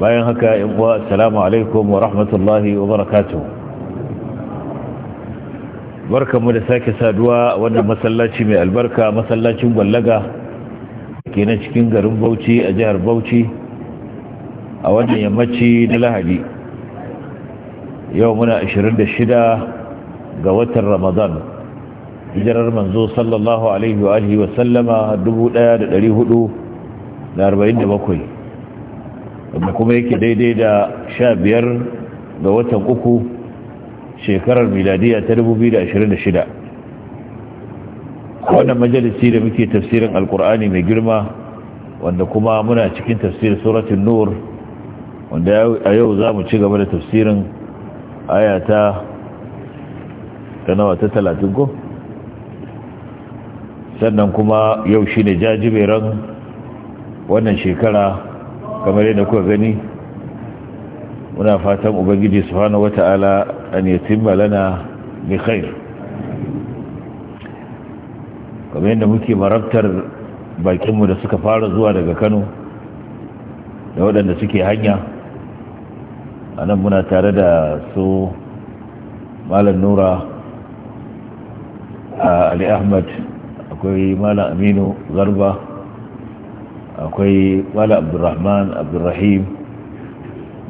bayan haka yan uwa assalamu alaikum wa rahmatullahi wa barakatuh barkamu da sake saduwa wannan masallaci mai albarka masallacin gwallaga ke na cikin garin Bauchi a jihar Bauchi a wannan yammaci na Lahadi yau muna 26 ga watan Ramadan hijirar manzo sallallahu alaihi wa wa sallama 1447 wanda kuma yake daidai da sha biyar ga watan uku shekarar miladiya ta 2026 wannan majalisi da muke tafsirin alkur'ani mai girma wanda kuma muna cikin tafsirin suratun nur wanda a yau za mu ci gaba da tafsirin ayata ta nawa ta talatin ko sannan kuma yau shi ne jajiberan wannan shekara kamar yadda kuka gani muna fatan ubangiji subhanahu wata'ala an yatimma lana bi khair kamar yadda muke marabtar bakinmu da suka fara zuwa daga Kano da waɗanda suke hanya a nan muna tare da su malam nura a ali ahmad akwai malam aminu garba akwai mala abdurrahman abdurrahim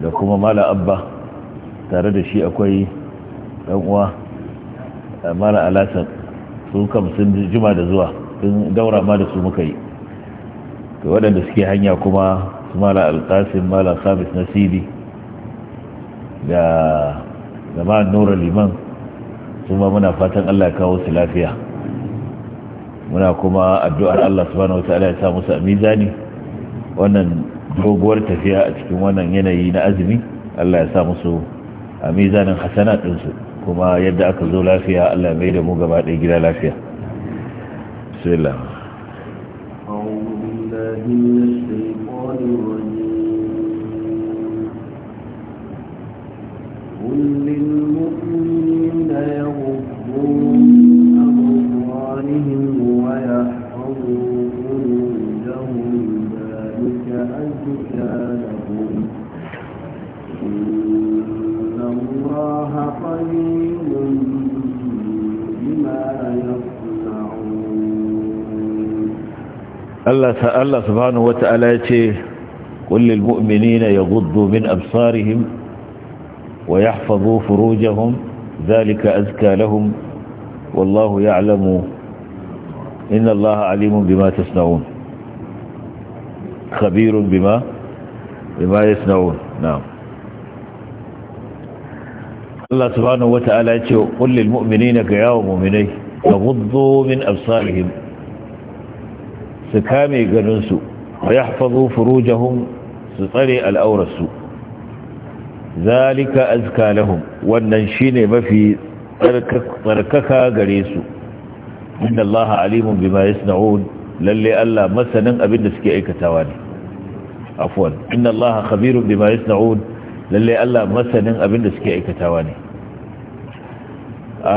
da kuma mala abba tare da shi akwai uwa eh, mala alasan sun kam sun jima da zuwa sun daura ma da su muka yi to waɗanda suke hanya kuma su mala alƙasin mala sabis nasiri da zama nura liman su ma muna fatan allah kawo su lafiya muna kuma addu'ar Allah subhanahu wataala ya sa musu a mizani wannan doguwar tafiya a cikin wannan yanayi na azumi Allah ya sa musu a mizanin hasana ɗinsu kuma yadda aka zo lafiya Allah mai da mu gaba ɗaya gida lafiya bismillah للمؤمنين يغضون الله قليل بما يصنعون الله سبحانه وتعالى قل للمؤمنين يغضوا من أبصارهم ويحفظوا فروجهم ذلك أزكى لهم والله يعلم إن الله عليم بما تصنعون خبير بما بما يصنعون نعم Allah subhanahu wata'ala ya ce qul lil mu'minina ga yawo mu'minai yaghuddu min absarihim su kame ganin su wa yahfazu furujahum su tsare al'aurarsu zalika azka lahum wannan shine mafi tsarkaka gare su inna allaha alimun bima yasna'un lalle Allah masanin abin da suke aikatawa ne afwan inna allaha khabirun bima yasna'un lalle Allah masanin abin da suke aikatawa ne a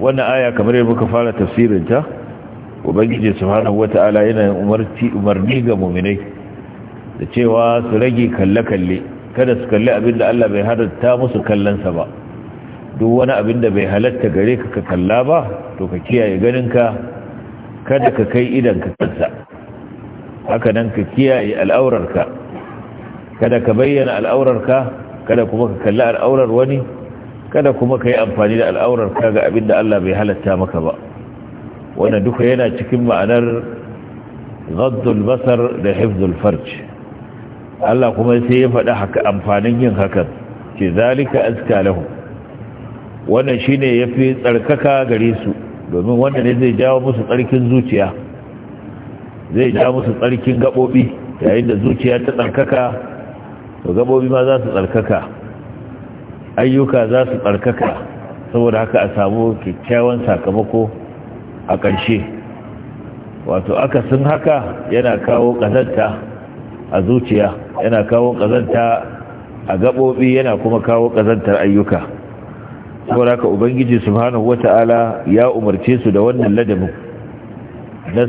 wannan aya kamar yadda muka fara tafsirinta ubangiji subhanahu wata'ala yana umarci umarni ga mu'minai da cewa su rage kalle-kalle kada su kalli abin da Allah bai halatta musu kallonsa ba duk wani abin da bai halatta gare ka ka kalla ba to ka kiyaye ganinka kada ka kai idan ka kansa haka nan ka kiyaye al'aurarka kada ka bayyana al'aurarka kada kuma ka kalli al'aurar wani kada kuma ka yi amfani da al'aurarka ga abin da Allah bai halatta maka ba wannan duka yana cikin ma'anar ghaddul basar da hifzul farj Allah kuma sai ya faɗi haka amfanin yin hakan ce zalika azka lahu wannan shine yafi tsarkaka gare su domin wanda ne zai jawo musu tsarkin zuciya zai jawo musu tsarkin gabobi yayin da zuciya ta tsarkaka to gabobi ma za su tsarkaka ayyuka za su tsarkaka saboda haka a samu kyakkyawan sakamako a ƙarshe wato akasin haka yana kawo ƙazanta a zuciya yana kawo ƙazanta a gabobi yana kuma kawo ƙazantar ayyuka saboda haka ubangiji subhanahu wata'ala ya umarce su da wannan ladabin na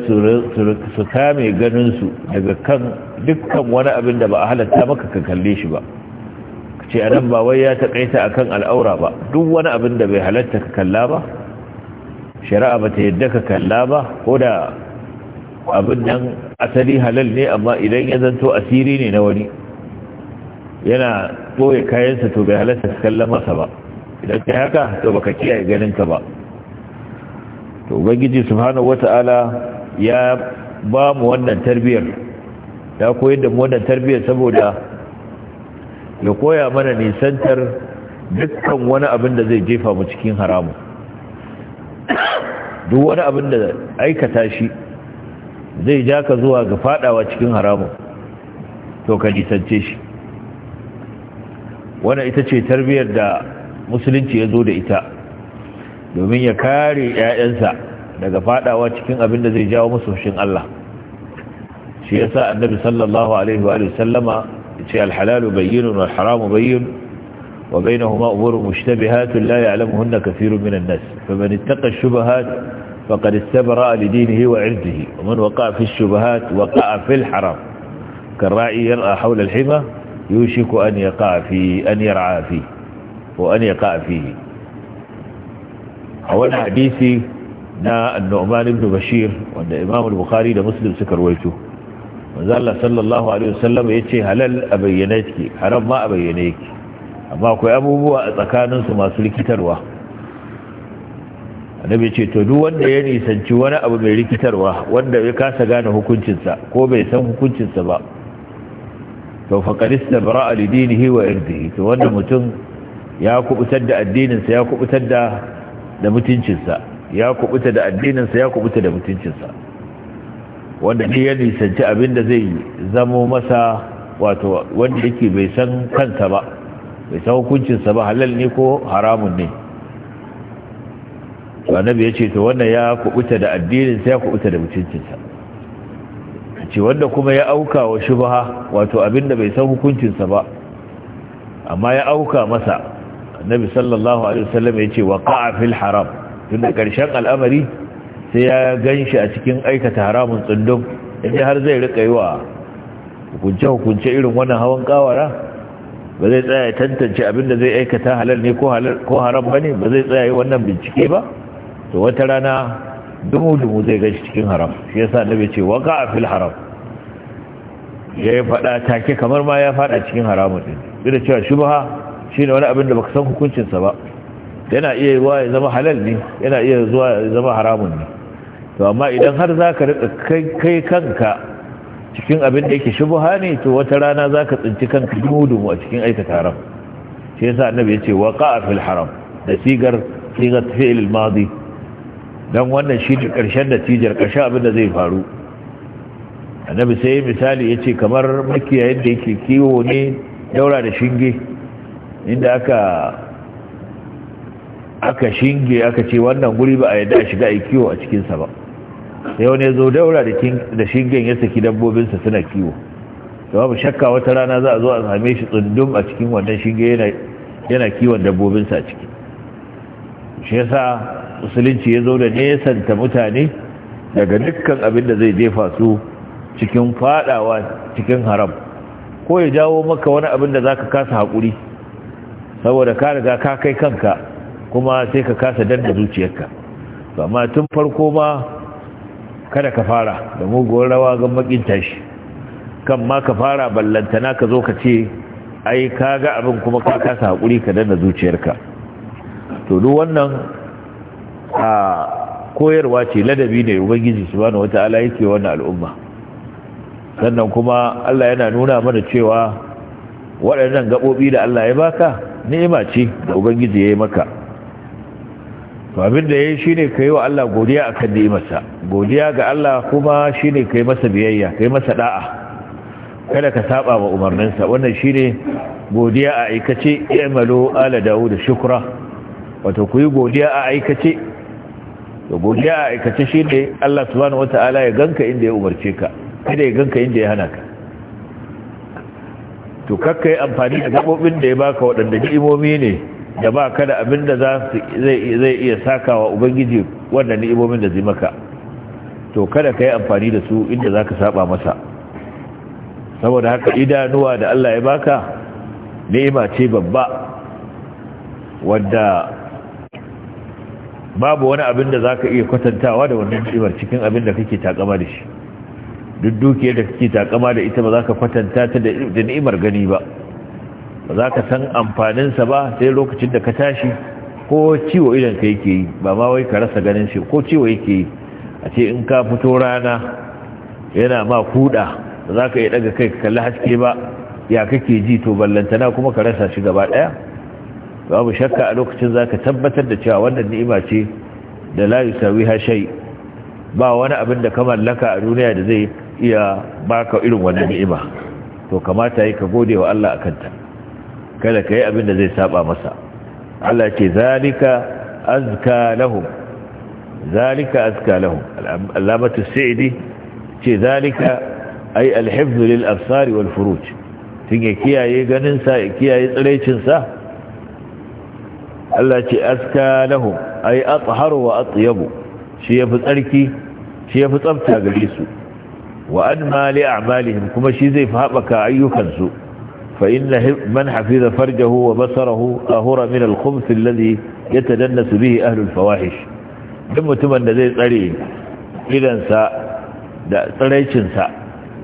su kame ganinsu daga kan dukkan wani abin da ba a halatta maka ka kalle shi ba ce a nan ba wai ya taƙaita a kan al'aura ba duk wani abin da bai halatta ka kalla ba shari'a ba ta yadda ka kalla ba ko da abin nan asali halal ne amma idan ya zanto asiri ne na wani yana ɓoye kayansa to bai halatta ka kalla masa ba idan ka haka to baka kiyaye ganinka ba to ubangiji subhanahu wata'ala ya ba mu wannan tarbiyyar ya koyar da mu wannan tarbiyyar saboda ya koya mana nisantar dukkan wani abin da zai jefa mu cikin haramu duk wani abin da aikata shi zai ja ka zuwa ga fadawa cikin haramun to ka nisance shi wannan ita ce tarbiyyar da musulunci ya zo da ita domin ya kare ƴaƴansa daga fadawa cikin abin da zai jawo musu shin Allah shi yasa annabi sallallahu alaihi wa sallama yace al-halalu bayyinun wal haramu bayyin wa bainahuma umurun mushtabihatun la ya'lamuhunna kathirun minan nas faman ittaqa ash-shubahat faqad istabra li dinihi wa 'irdihi wa man waqa'a fi ash-shubahat waqa'a fi al-haram hawla al-hima yushiku an yaqa'a fi an yar'a fi wa an yaqa'a fihi a wani hadisi na annoban ibn bashir wanda imam bukhari da muslim suka rawaito manzo Allah sallallahu alaihi wasallam yace halal a bayyane yake haram ma a bayyane yake amma akwai abubuwa a tsakanin su masu rikitarwa annabi yace to duk wanda ya nisanci wani abu mai rikitarwa wanda ya kasa gane hukuncinsa ko bai san hukuncinsa ba to faqad istabra li dinihi wa irdihi to wanda mutum ya kubutar da addininsa ya kubutar da da mutuncinsa ya kubuta da addininsa ya kubuta da mutuncinsa wanda ne ya nisanci abin da zai zamo masa wato wanda yake bai san kanta ba bai san hukuncinsa ba halal ne ko haramun ne annabi ya ce to wannan ya kubuta da addininsa ya kubuta da mutuncinsa ce wanda kuma ya auka wa shubha wato abin da bai san hukuncinsa ba amma ya auka masa nabi sallallahu alaihi wasallam ya ce wa qa'a fil haram tunda karshen al'amari sai ya ganshi a cikin aikata haramun tsundum inda har zai rika yi wa hukunce hukunce irin wannan hawan kawara ba zai tsaya tantance abin da zai aikata halal ne ko halal ko haram bane ba zai tsaya wannan bincike ba to wata rana dumu dumu zai ganshi cikin haram shi yasa nabi ce wa fil haram ya yi faɗa take kamar ma ya fada cikin haramun ɗin duk da cewa shubha ne wani abin da baka san hukuncinsa ba yana iya yiwa ya zama halal ne yana iya zuwa ya zama haramun ne to amma idan har za ka riƙa kai kanka cikin abin da yake shubuha ne to wata rana za ka tsinci kanka dumu a cikin aikata haram shi yasa annabi ya ce waqa'a fil haram da sigar sigar fi'il al dan wannan shi ne ƙarshen natijar ƙarshen abin da zai faru annabi sai misali ya ce kamar makiyayin da yake kiwo ne daura da shinge inda aka aka shinge aka ce wannan guri ba a yadda a shiga a kiwo a cikinsa ba sai wani ya zo daura da shingen ya saki dabbobinsa suna kiwo da babu shakka wata rana za a zo a same shi tsundum a cikin wannan shinge yana kiwon dabbobinsa a ciki shi yasa musulunci ya zo da nesanta mutane daga dukkan abin da zai jefa su cikin fadawa cikin haram ko ya jawo maka wani abin da za ka kasa haƙuri saboda ka riga ka kai kanka kuma sai ka kasa danda zuciyarka to amma tun farko ma kada ka fara da muguwar rawa ga makin tashi kan ma ka fara ballantana ka zo ka ce ai ka ga abin kuma ka kasa haƙuri ka danda zuciyarka to duk wannan a koyarwa ce ladabi ne ubangiji subhanahu wata'ala yake wannan al'umma sannan kuma Allah yana nuna mana cewa waɗannan gaɓoɓi da Allah ya baka ni'ima ce da ubangiji ya yi maka to abin da ya yi shine ka yi wa Allah godiya akan ni'imarsa godiya ga Allah kuma shine ka yi masa biyayya ka yi masa da'a kada ka saba wa umarninsa wannan shine godiya a aikace i'malu ala daud shukra wato ku yi godiya a aikace to godiya a aikace shine Allah subhanahu wataala ya ganka inda ya umarce ka kada ya ganka inda ya hana ka to kakka yi amfani da gabobin da ya baka waɗanda ni'imomi ne da ba ka da abin da zai iya sakawa ubangiji wannan ni'imomin da zai to kada ka yi amfani da su inda za ka saba masa saboda haka idanuwa da Allah ya baka ni'ima ce babba wadda babu wani abin da za ka iya kwatantawa da wannan ni'imar cikin abin da kake takama da shi duk dukiyar da kake takama da ita ba za ka kwatanta ta da ni'imar gani ba ba za ka san amfaninsa ba sai lokacin da ka tashi ko ciwo idan ka yake yi ba ma wai ka rasa ganin shi ko ciwo yake yi a ce in ka fito rana yana ma kuda ba za ka iya daga kai ka kalli haske ba ya kake ji to ballantana kuma ka rasa shi gaba daya babu shakka a lokacin za ka tabbatar da cewa wannan ni'ima ce da la ha shay ba wani abin da ka mallaka a duniya da zai iya baka irin wannan ni'ima to kamata yi ka gode wa Allah a kanta kada ka yi abin da zai saba masa Allah ce zalika azka lahum zalika azka lahum alamatu sa'idi ce zalika ay alhifz lil absar wal furuj tun ya kiyaye ganin sa ya kiyaye tsiraicin sa Allah ce azka lahum ay atharu wa atyabu shi yafi tsarki shi yafi tsafta gare su wa an a'malihim kuma shi zai haɓaka ayyukansu fa inna man hafiza farjahu wa basarahu ahura min al-khubth alladhi yatadannasu bihi ahli al-fawahish duk mutumin da zai tsare idansa da tsaraicin sa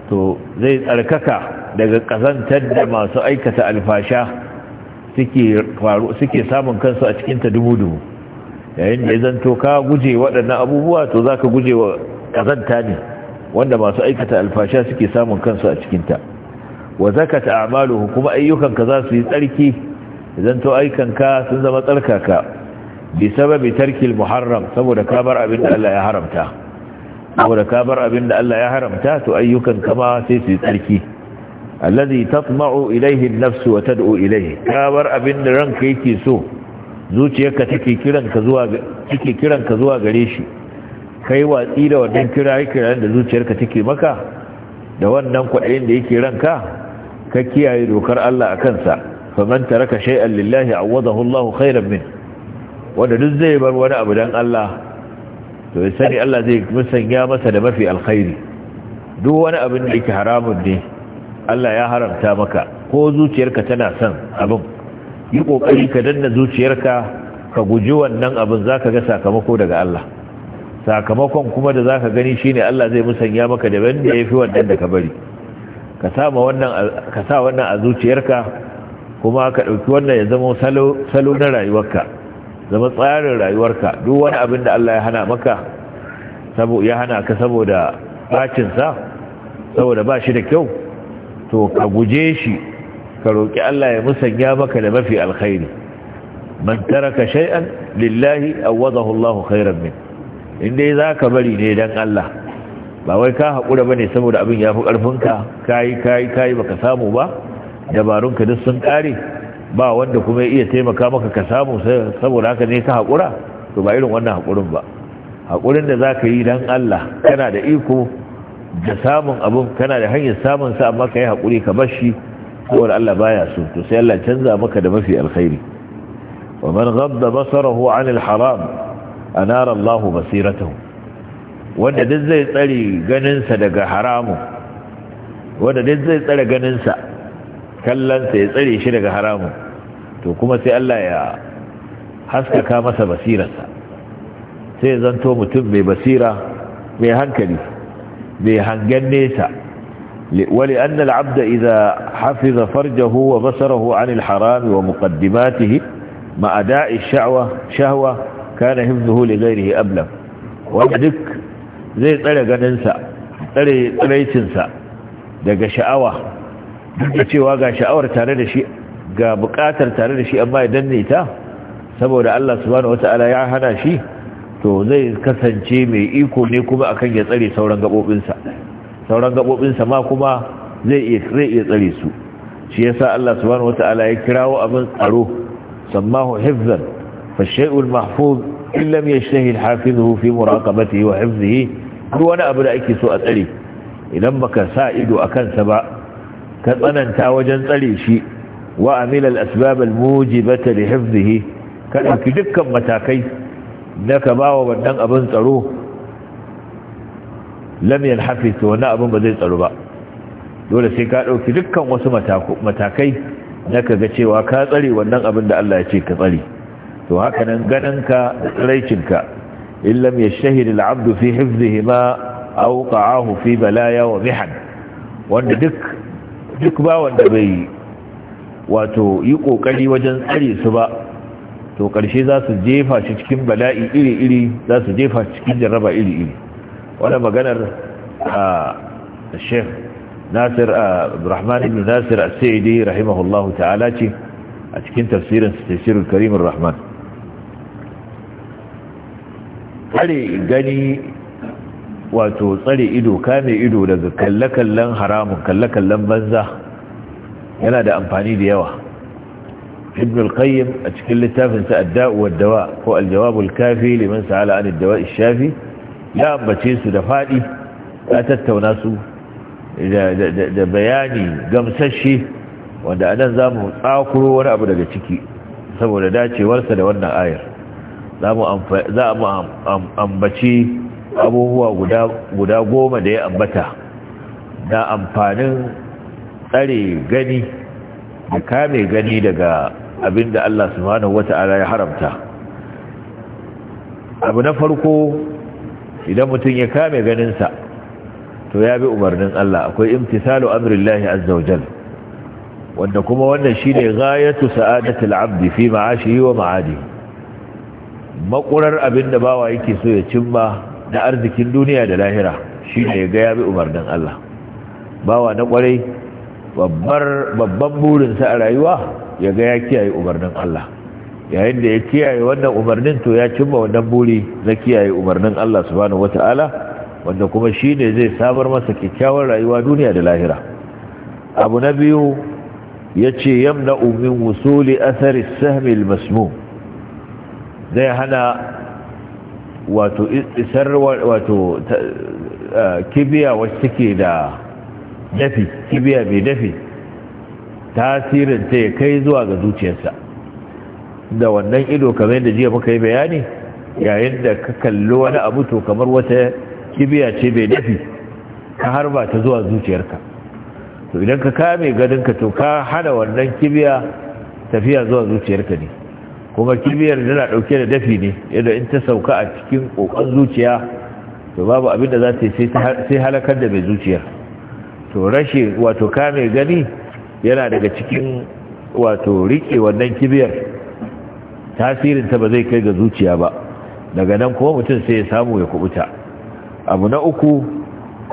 to zai tsarkaka daga kazantar da masu aikata alfasha suke faru suke samun kansu a cikin ta dubu-dubu yayin da ya zanto ka guje waɗannan abubuwa to zaka guje wa kazanta ne wanda masu aikata alfasha suke samun kansu a cikinta wa zakata amalu kuma ayyukanka za su yi tsarki idan to aikanka sun zama tsarkaka bi sababi tarkil muharram saboda ka bar abin da Allah ya haramta saboda ka bar abin da Allah ya haramta to ayyukanka ma sai su yi tsarki alladhi tatma'u ilayhi an-nafs wa tad'u ilayhi ka bar abin da ranka yake so zuciyarka take kiranka zuwa take kiranka zuwa gare shi kai watsi da wannan kiraye-kirayen da zuciyarka take maka da wannan kwaɗayin da yake ranka ka kiyaye dokar Allah a kansa faman taraka shay'an lillahi awadahu Allah khairan min wanda duk zai bar wani abu dan Allah to sani Allah zai musanya masa da mafi alkhairi duk wani abin da yake haramun ne Allah ya haramta maka ko zuciyarka tana son abin yi kokari ka danna zuciyarka ka guji wannan abin zaka ga sakamako daga Allah sakamakon kuma da zaka gani shine Allah zai musanya maka da wanda fi wannan da ka bari ka sa wannan a zuciyarka kuma ka ɗauki wannan ya zama salo na rayuwarka zama tsarin rayuwarka duk wani abin da Allah ya hana maka ya hana ka saboda bacin sa saboda ba shi da kyau to ka guje shi ka roki Allah ya musanya maka da mafi alkhairi man taraka shay'an lillahi awadahu Allahu khairan minhu in dai za ka bari ne don Allah ba wai ka haƙura ba ne saboda abin ya fi ƙarfinka kayi kayi kayi baka samu ba dabarunka duk sun ƙare ba wanda kuma iya taimaka maka ka samu saboda haka ne ka haƙura to ba irin wannan haƙurin ba haƙurin da za ka yi don Allah kana da iko da samun abin kana da hanyar samun sa amma ka yi haƙuri ka bar shi saboda Allah baya so to sai Allah canza maka da mafi alkhairi wa man ghadda basarahu anil haram anara Allahu basiratahu wanda duk zai tsare ganinsa daga haramu wanda duk zai tsare ganinsa kallonsa ya tsare shi daga haramu to kuma sai Allah ya haskaka masa basirarsa sai zanto mutum mai basira mai hankali mai hangen nesa ولأن العبد إذا حفظ فرجه وبصره basarahu anil harami wa أداء الشعوة شهوة kana hifzuhu li ghairihi ablam wanda duk zai tsare ganinsa tsare tsaraicinsa daga sha'awa duk da cewa ga sha'awar tare da shi ga buƙatar tare da shi amma ya danne saboda Allah subhanahu wata'ala ya hana shi to zai kasance mai iko ne kuma akan ya tsare sauran gabobinsa sauran gabobinsa ma kuma zai iya tsare su shi yasa Allah subhanahu wata'ala ya kirawo abin tsaro sammahu hifzan فالشيء المحفوظ إن لم يجتهد حافظه في مراقبته وحفظه هو أنا أبدا أكي سوء أتلي إذا بك سائد أكن سبع كأن تاوجا تلي شيء وأمل الأسباب الموجبة لحفظه كان كدكا متاكي إنك باو ودن أبن تروه lam yalhafi to wani abin ba zai tsaro ba dole sai ka dauki dukkan wasu matakai na kaga cewa ka tsare wannan abin da Allah ya ce ka tsare to haka nan ganinka da tsiraicinka illam ya shahidi al'abdu fi hifzihi ma aw fi balaya wa mihan wanda duk duk ba wanda bai wato yi kokari wajen tsare su ba to karshe za su jefa shi cikin bala'i iri-iri za su jefa cikin jarraba iri-iri wanda maganar a sheikh nasir rahman ibn nasir as-sa'idi rahimahullahu ta'ala ce a cikin tafsirin tafsirul karimur rahman tsare gani wato tsare ido kame ido daga kalle-kallen haramun kalle-kallen banza yana da amfani da yawa ibn al-qayyim a cikin littafin sa adda'u wa ko al kafi liman sa'ala an shafi ya ambace su da fadi ya tattauna su da bayani gamsashe wanda anan zamu tsakuro wani abu daga ciki saboda dacewarsa da wannan ayar za mu ambaci abubuwa guda goma da ya ambata na amfanin tsare gani da kame gani daga abin da Allah subhanahu wata'ala ya haramta abu na farko idan mutum ya kame ganinsa to ya bi umarnin Allah akwai imtisalu amrillahi azza wajal wanda kuma wannan shine ghayatu sa'adatul abdi fi ma'ashihi wa ma'adihi makurar abin da bawa yake so ya cimma na arzikin duniya da lahira shi ne ya bi umarnin Allah bawa na kwarai babban burinsa a rayuwa ya ga ya kiyaye umarnin Allah yayin da ya kiyaye wannan umarnin to ya cimma wannan buri na kiyaye umarnin Allah subhanahu wata'ala wanda kuma shi ne zai samar masa kyakkyawar rayuwa duniya da lahira abu na biyu ya ce yamna umin wusuli asari sahmi masmum zai hana wato isar wato kibiya wacce take da dafi kibiya mai dafi tasirin ta ya kai zuwa ga zuciyarsa da wannan ido kamar yadda jiya muka yi bayani yayin da ka kalli wani abu to kamar wata kibiya ce bai dafi ka harba ta zuwa zuciyarka to idan ka kame ganinka to ka hana wannan kibiya tafiya zuwa zuciyarka ne kuma kibiyar na ɗauke da dafi ne yadda in ta sauka a cikin ƙoƙon zuciya to babu abin da za ta yi sai halakar da mai zuciyar to rashin wato kame gani yana daga cikin wato riƙe wannan kibiyar tasirin ta ba zai kai ga zuciya ba daga nan kuma mutum sai ya samu ya kubuta abu na uku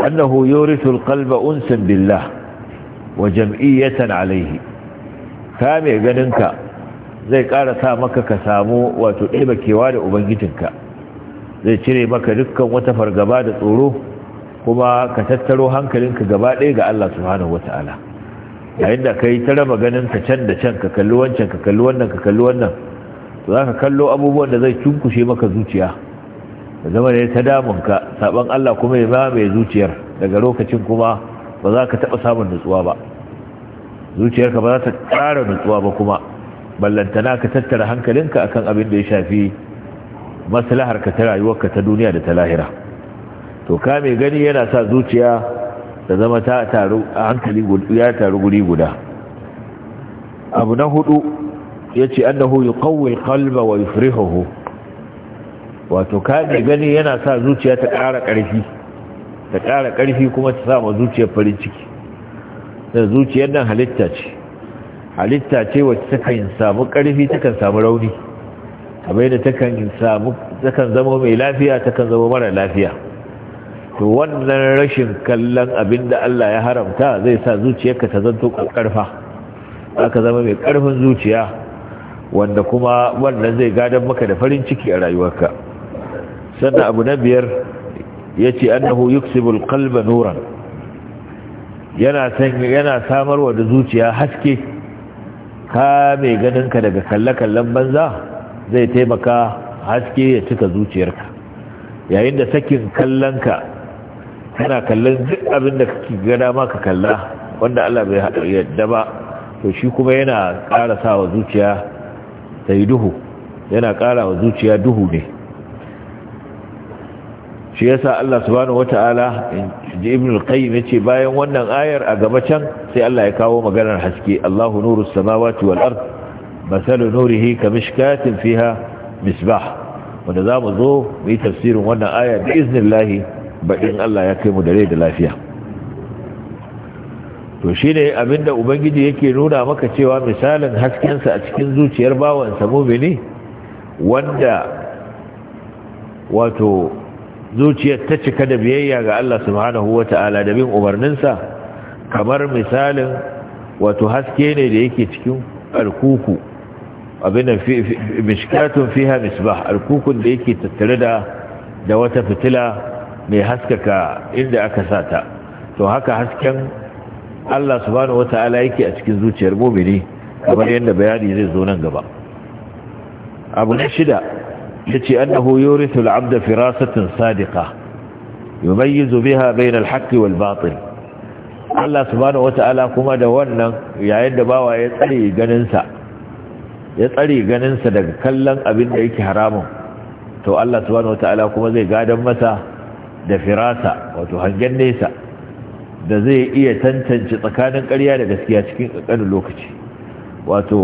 annahu yurisul qalba unsan billah wa jam'iyatan alayhi kame ganinka zai ƙara sa maka ka samu wato ɗaya kewa da ubangijinka zai cire maka dukkan wata fargaba da tsoro kuma ka tattaro hankalinka gaba ɗaya ga Allah subhanahu ta'ala yayin da kai ta raba ganin ka can da can ka kalli wancan ka kalli wannan ka kalli wannan to zaka kallo abubuwan da zai cunkushe maka zuciya da zama da ta damun ka saban Allah kuma ya ba mai zuciyar daga lokacin kuma ba za ka taɓa samun nutsuwa ba zuciyarka ba za ta ƙara nutsuwa ba kuma ballantana ka tattara hankalinka akan abin da ya shafi maslahar ka ta rayuwarka ta duniya da ta lahira to ka mai gani yana sa zuciya da zama ta taru hankali ya taru guri guda abu na hudu ya yace annahu yuqawwi alqalba wa yufrihuhu wato ka mai gani yana sa zuciya ta ƙara ƙarfi ta ƙara ƙarfi kuma ta sa ma zuciyar farin ciki da zuciyar nan halitta ce halitta ce wacce takan samu ƙarfi takan samu rauni kamar da takan samu takan zama mai lafiya takan zama mara lafiya to wannan rashin kallon abin da Allah ya haramta zai sa zuciyarka ta zanto ƙarfa ka zama mai ƙarfin zuciya wanda kuma wannan zai gadon maka da farin ciki a rayuwarka sannan abu na biyar ya ce annahu yuksibul qalba nuran yana yana samarwa da zuciya haske ka mai ka daga kalle-kallen banza zai taimaka haske ya cika zuciyarka yayin da sakin kallonka kana kallon duk abin da kake gada maka kalla wanda Allah bai yadda ba to shi kuma yana ƙara sa wa zuciya sai duhu yana ƙara wa zuciya duhu ne shi yasa Allah subhanahu wataala ji ibn al-qayyim ce, bayan wannan ayar a gaba can sai Allah ya kawo maganar haske Allahu nuru samawati wal ard masalu nurihi kamishkatin fiha misbah wanda mu zo mu yi tafsirin wannan aya bi iznillahi baɗin Allah ya kai mu da rai da lafiya to shine abinda ubangiji yake nuna maka cewa misalin haskensa a cikin zuciyar bawansa mumini wanda wato zuciyar ta cika da biyayya ga Allah subhanahu wa ta'ala da bin umarninsa kamar misalin wato haske ne da yake cikin alkuku abin mishkatun fiha misbah alkukun da yake tattare da da wata fitila mai haskaka inda aka sata to haka hasken Allah subhanahu wa ta'ala yake a cikin zuciyar mu'mini kamar yadda bayani zai zo nan gaba abu na shida yace annahu yurithu al-'abda firasatan sadiqa yumayyizu biha bayna al-haqqi wal-batil Allah subhanahu wata'ala kuma da wannan yayin da bawa ya tsare ganinsa ya ganinsa daga kallon abin da yake haramun to Allah subhanahu wata'ala kuma zai gadon masa da firasa wato hangen nesa da zai iya tantance tsakanin ƙarya da gaskiya cikin ƙanƙanin lokaci wato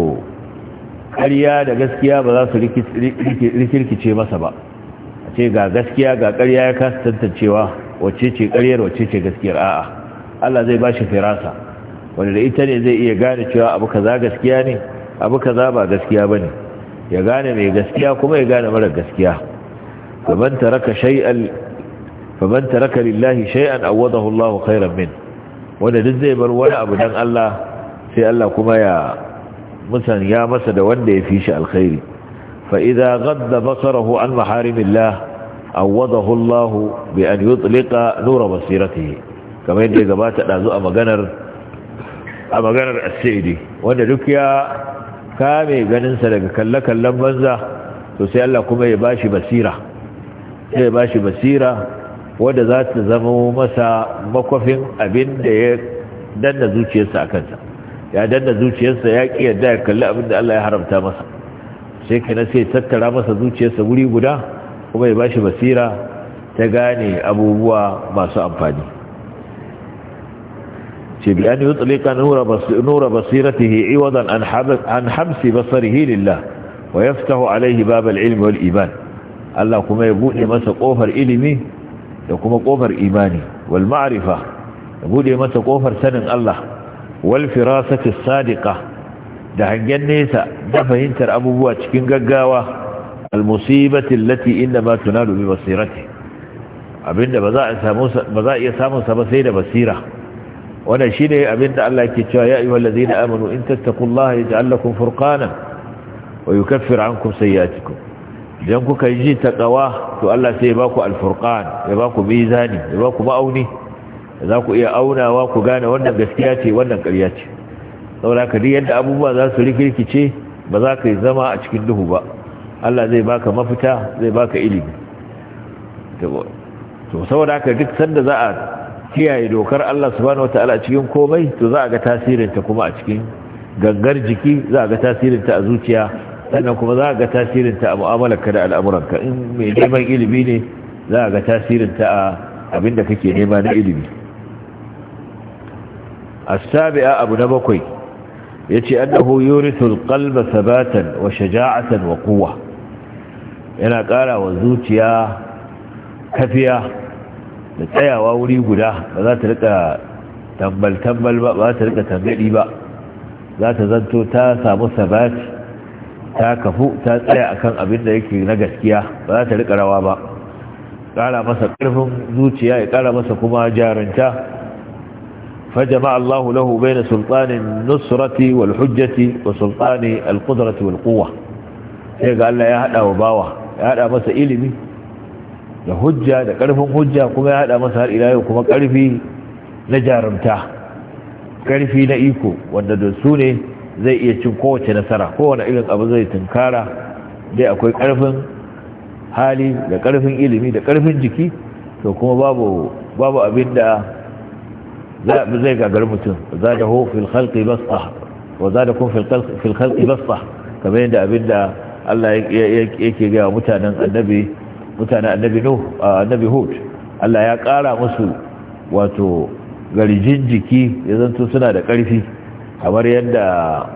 ƙarya da gaskiya ba za su rikirkice masa ba a ce ga gaskiya ga ƙarya ya kasa tantancewa wacce ce ƙaryar wacce ce gaskiyar a'a Allah zai ba shi firasa wanda da ita ne zai iya gane cewa abu kaza gaskiya ne abu kaza ba gaskiya ba ne ya gane mai gaskiya kuma ya gane mara gaskiya faman taraka shay'an faman taraka lillahi shay'an awadahu Allahu khairan min wanda duk zai bar wani abu dan Allah sai Allah kuma ya musan ya masa da wanda ya fi shi alkhairi fa idza ghadda basarahu an maharimillah awadahu Allah bi an yutliqa nura basiratihi kamar yadda gabata ɗazu a maganar a wanda duk ya kame ganin sa daga kallon banza to sai Allah kuma ya bashi basira sai ya bashi basira wanda za ta zama masa makwafin abin da ya danna zuciyarsa a kansa ya danna zuciyarsa ya ƙi yadda ya kalli abin da Allah ya haramta masa sai kana sai tattara masa zuciyarsa wuri guda kuma ya bashi basira ta gane abubuwa masu amfani ce bi an yutlika nura basiratihi iwadan an hamsi basarihi lillah wa yaftahu alaihi babal ilmi wal iman Allah kuma ya bude masa kofar ilimi da kuma kofar imani wal ma'rifa ya bude masa kofar sanin Allah wal firasati sadiqa da hangen nesa da fahimtar abubuwa cikin gaggawa almusibati allati inda ma tunalu bi basirati abinda ba za a samu ba za a iya samun sa ba sai da basira wannan shine abinda Allah yake cewa ya ayyuhal ladina amanu in tattaqullaha yaj'al lakum furqana wa yukaffir ankum sayyi'atikum idan kuka yi taqwa to Allah sai ya baku alfurqan ya baku mizani ya baku ma'auni za ku iya aunawa ku gane wannan gaskiya ce wannan ƙarya ce saboda ka duk yadda abubuwa za su rikirkice ba za ka yi zama a cikin duhu ba Allah zai baka mafita zai baka ilimi to saboda ka duk sanda za a kiyaye dokar Allah subhanahu wataala cikin komai to za a ga tasirinta kuma a cikin gangar jiki za a ga tasirinta a zuciya sannan kuma za a ga ta a mu'amalarka da al'amuranka in mai neman ilimi ne za a ga ta a abinda kake nema na ilimi السابعة أبو نبكي يتي أنه يورث القلب ثباتا wa وقوة yana ƙara wa zuciya kafiya da tsayawa wuri guda ba za ta rika tambal-tambal ba ba ta rika tangadi ba za ta zanto ta samu sabati ta kafu ta tsaya akan abin da yake na gaskiya ba za ta rika rawa ba ƙara masa ƙarfin zuciya ya ƙara masa kuma jarinta فجمع الله له بين سلطان النصرة والحجة وسلطان القدرة والقوة sai ga Allah ya hada wa ya hada masa ilimi da hujja da karfin hujja kuma ya hada masa har ila kuma karfi na jarumta karfi na iko wanda da su ne zai iya cin kowace nasara kowane irin abu zai tinkara, dai akwai karfin hali da karfin ilimi da karfin jiki to kuma babu babu abin da zai gagari mutum za da ho fil khalqi basta za da kun fil khalqi basta yadda abinda Allah yake ga mutanen annabi mutanen annabi nuh Allah ya kara musu wato garijin jiki ya zanto suna da karfi kamar yadda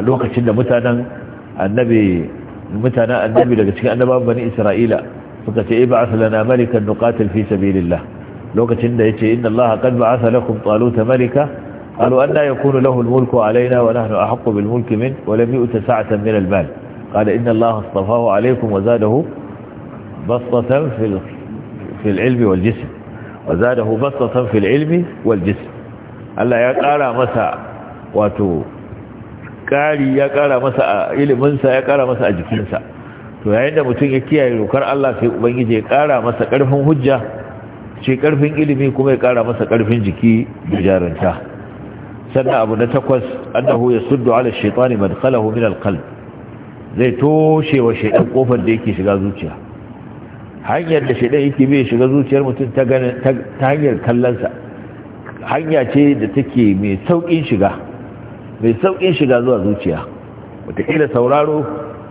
lokacin da mutanen annabi daga cikin annabawan bani isra'ila suka ce ibas lana malikan nuqatil fi sabilillah lokacin da ya yace inna allaha qad ba'atha lakum taluta malika qalu ya kunu lahu mulku alaina wa nahnu ahaqqu bilmulki min wa lam yu'ta sa'atan min almal qala inna allaha astafahu alaykum wa zadahu بسطة في في العلم والجسم وزاده بسطة في العلم والجسم Allah ya ƙara masa wato ƙari ya ƙara masa a iliminsa ya ƙara masa a jikinsa to yayin da mutum ya kiyaye dokar Allah sai ubangiji ya ƙara masa ƙarfin hujja ce karfin ilimi kuma ya kara masa karfin jiki da jaranta sannan abu na takwas annahu suddu ala shaitani madkhalahu min alqalb zai toshe wa shaitan kofar da yake shiga zuciya hanyar da shaitan yake bi shiga zuciyar mutum ta ganin ta hanyar kallansa hanya ce da take mai saukin shiga mai saukin shiga zuwa zuciya wataƙila sauraro